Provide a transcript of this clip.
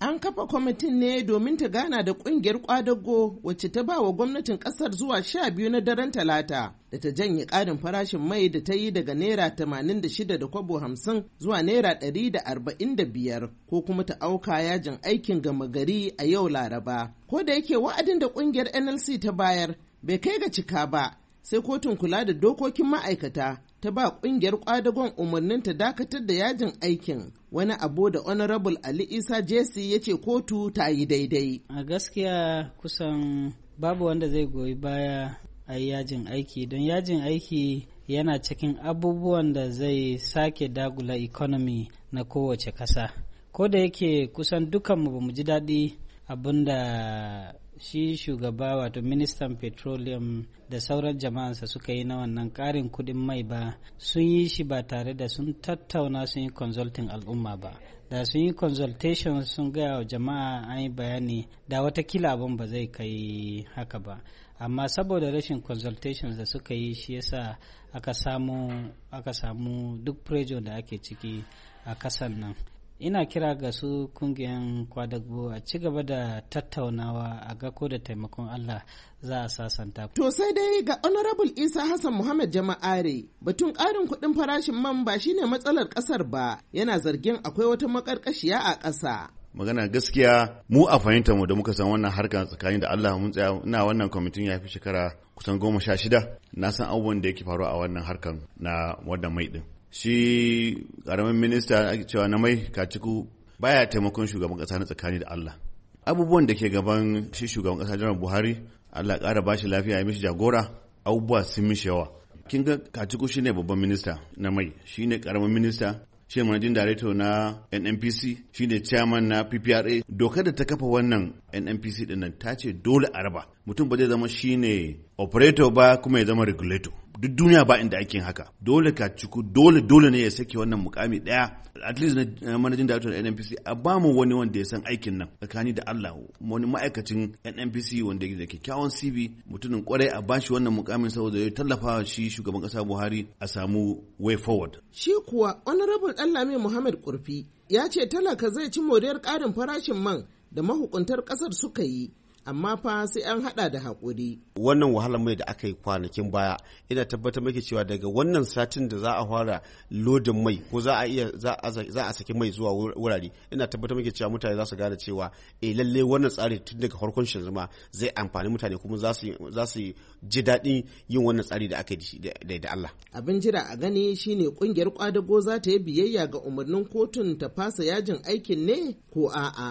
An kafa kwamitin ne domin ta gana da kungiyar kwadago wacce ta ba wa gwamnatin kasar zuwa sha biyu na daren talata da ta janye ƙarin farashin mai da ta yi daga naira tamanin da shida da kwabo hamsin zuwa naira ɗari da arba'in da biyar ko kuma ta auka yajin aikin gama gari a yau laraba. Ko da yake wa'adin da kungiyar NLC ta bayar bai kai ga cika ba sai kotun kula da dokokin ma'aikata ta ba kungiyar kwadagon umarnin ta dakatar da yajin aikin wani abu da honorable ali isa jesse ya ce kotu ta yi daidai a gaskiya kusan babu wanda zai goyi baya a yajin aiki don yajin aiki yana cikin abubuwan da zai sake dagula economy na kowace ƙasa ko da yake kusan dukanmu ba mu ji daɗi abinda shi shugaba wato ministan petroleum da sauran jama'ansa suka yi na wannan karin kudin mai ba sun yi shi ba tare da sun tattauna sun yi consulting al'umma ba da sun yi consultation sun gaya wa jama'a an yi bayani da watakila abin ba zai kai haka ba amma saboda rashin consultation da suka yi shi yasa aka samu aka samu duk pressure da ake ciki a kasan nan ina kira ga su kungiyan kwadago a ci gaba da tattaunawa a gako da taimakon Allah za a sasanta. To sai dai ga Honorable Isa Hassan Muhammad Jama'are batun ƙarin kuɗin farashin man ba shine matsalar ƙasar ba yana zargin akwai wata maƙarƙashiya a ƙasa. magana gaskiya mu a fahimta mu da muka san wannan harkar tsakanin da Allah mun tsaya ina wannan kwamitin ya fi shekara kusan goma sha shida na san abubuwan da yake faruwa a wannan harkar na wannan mai din shi karamin minista ake cewa na mai kaciku baya taimakon shugaban kasa na tsakani da Allah abubuwan da ke gaban shi shugaban kasa jiran Buhari Allah ƙara ba shi lafiya ya mishi jagora abubuwa sun mishi yawa kin ga kaciku shine babban minista na mai shine karamin minista shi ne manajin director na nnpc shi ne chairman na ppra dokar da ta kafa wannan nnpc dinnan ta ce dole a raba mutum ba zai zama shine operator ba kuma ya zama regulator duk duniya ba inda ake haka dole ka ciku dole dole ne ya sake wannan mukami daya at least na managing director na NNPC a ba mu wani wanda ya san aikin nan tsakani da Allah wani ma'aikacin NNPC wanda da kyakkyawan CV mutumin kwarai a bashi wannan mukamin saboda ya tallafa shi shugaban kasa Buhari a samu way forward shi kuwa honorable danlami Muhammad Kurfi ya ce talaka zai ci moriyar karin farashin man da mahukuntar kasar suka yi amma fa sai an hada da hakuri. Wannan wahalar mai da aka yi kwanakin baya ina tabbatar maki cewa daga wannan satin da za a fara lodin mai ko za a iya za a saki mai zuwa wurare ina tabbatar maki cewa mutane za su gane cewa eh lalle wannan tsari tun daga farkon shi zama zai amfani mutane kuma za su za su ji daɗin yin wannan tsari da aka yi da Allah. Abin jira a gani shine kungiyar kwadago za ta yi biyayya ga umarnin kotun ta fasa yajin aikin ne ko a'a.